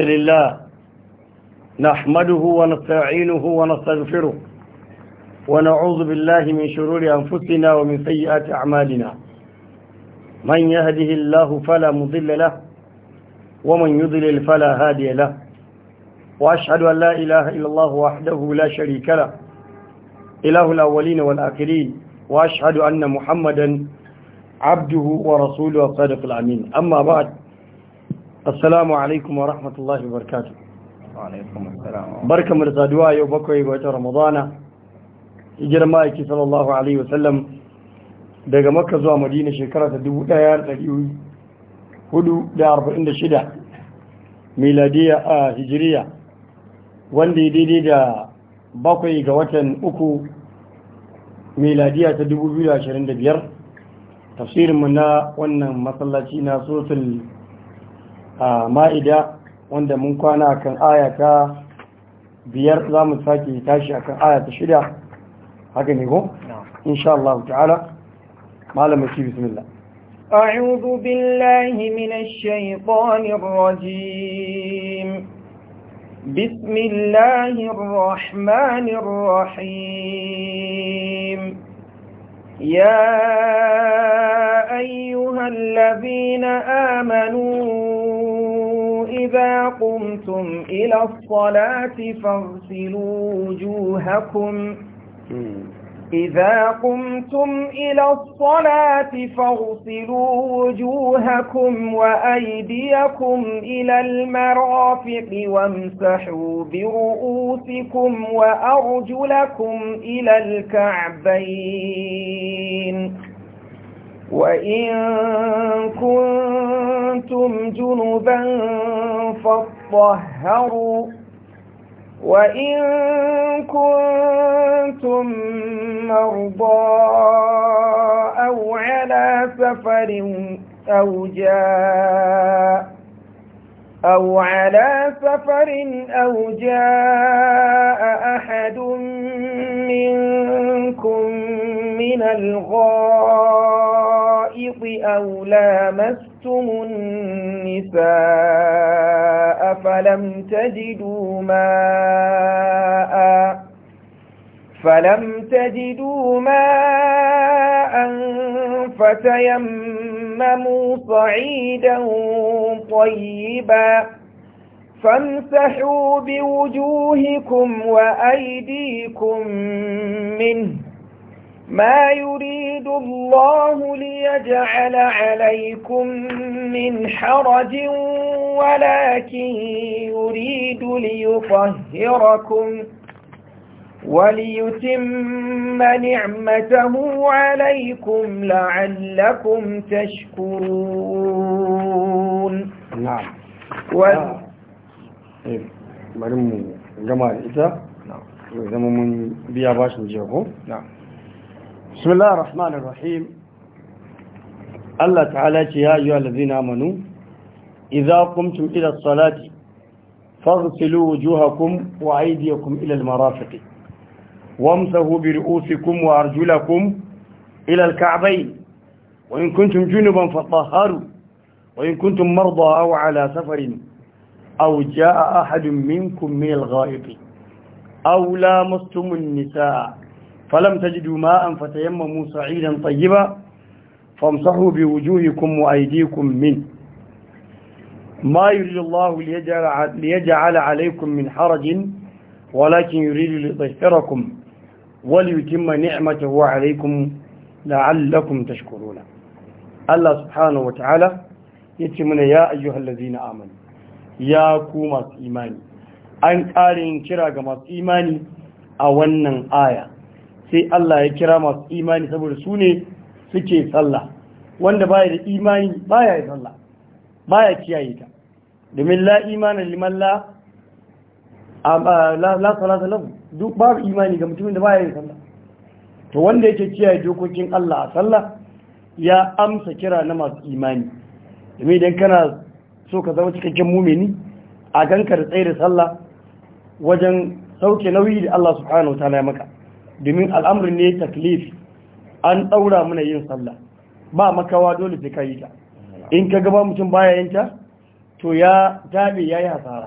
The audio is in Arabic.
لله نحمده ونستعينه ونستغفره ونعوذ بالله من شرور أنفسنا ومن سيئات أعمالنا من يهده الله فلا مضل له ومن يضلل فلا هادي له وأشهد أن لا إله إلا الله وحده لا شريك له إله الأولين والآخرين وأشهد أن محمدا عبده ورسوله الصادق الأمين أما بعد assalamu alaikum wa rahmatullahi wa barakatu barka mu da saduwa yau bakwai ga watan ramadana hijirar ma'aiki sallallahu alaihi wasallam daga makka zuwa madina shekara ta 1446 miladiya a hijiriya wanda ya daidai da bakwai ga watan uku miladiya ta 2025 tafsirinmu na wannan matsalaci na sosul a ma'ida wanda mun kwana kan aya biyar za mu sake tashi akan aya ta shida haka ne ko? insha Allah ta'ala malama shi bismillah أعوذ بالله من الشيطان الرجيم بسم الله الرحمن الرحيم يا أيها الذين وإذا قمتم إلى الصلاة فاغسلوا وجوهكم إذا قمتم إلى الصلاة فاغسلوا وجوهكم وأيديكم إلى المرافق وامسحوا برؤوسكم وأرجلكم إلى الكعبين وإن كنتم جنبا طهروا وإن كنتم مرضى أو على سفر أو جاء أو على سفر أو جاء أحد منكم من الغائط أو لامس طلقتم النساء فلم تجدوا ماء فلم تجدوا ماء فتيمموا صعيدا طيبا فامسحوا بوجوهكم وأيديكم منه ما يريد الله ليجعل عليكم من حرج ولكن يريد ليطهركم وليتم نعمته عليكم لعلكم تشكرون نعم و... آه. إيه. نعم نعم نعم نعم نعم نعم نعم نعم نعم نعم نعم نعم na'am بسم الله الرحمن الرحيم الله تعالى يا أيها الذين آمنوا إذا قمتم إلى الصلاة فاغسلوا وجوهكم وأيديكم إلى المرافق وامسهوا برؤوسكم وأرجلكم إلى الكعبين وإن كنتم جنبا فطهروا وإن كنتم مرضى أو على سفر أو جاء أحد منكم من الغائط أو لامستم النساء falam an tajidu ma'an fatayammamu sa'idan tayyiba famsahu biwujuhikum wa aydikum min ma yuridu Allah liyaj'ala 'alaykum harajin walakin yuridu liyutahhirakum wa liyutimma ni'matahu 'alaykum la'allakum tashkuruna Allah subhanahu wa ta'ala yace mana ya ayyuhallazina amanu ya ku masu imani an ƙarin kira ga masu imani a wannan aya sai Allah ya kira masu imani saboda su ne suke sallah wanda baya da imani baya ya sallah baya kiyaye ta domin la imanin liman la la salata lahu duk babu imani ga mutumin da baya yi sallah to wanda yake kiyaye dokokin Allah a sallah ya amsa kira na masu imani domin idan kana so ka zama cikakken mumini a ganka da tsaye da sallah wajen sauke nauyi da Allah subhanahu wa ta'ala ya maka domin al'amri ne taklif an ɗaura mana yin sallah ba makawa dole sai ka ta in ka gaba mutum baya yin to ya daɗe ya yi hasara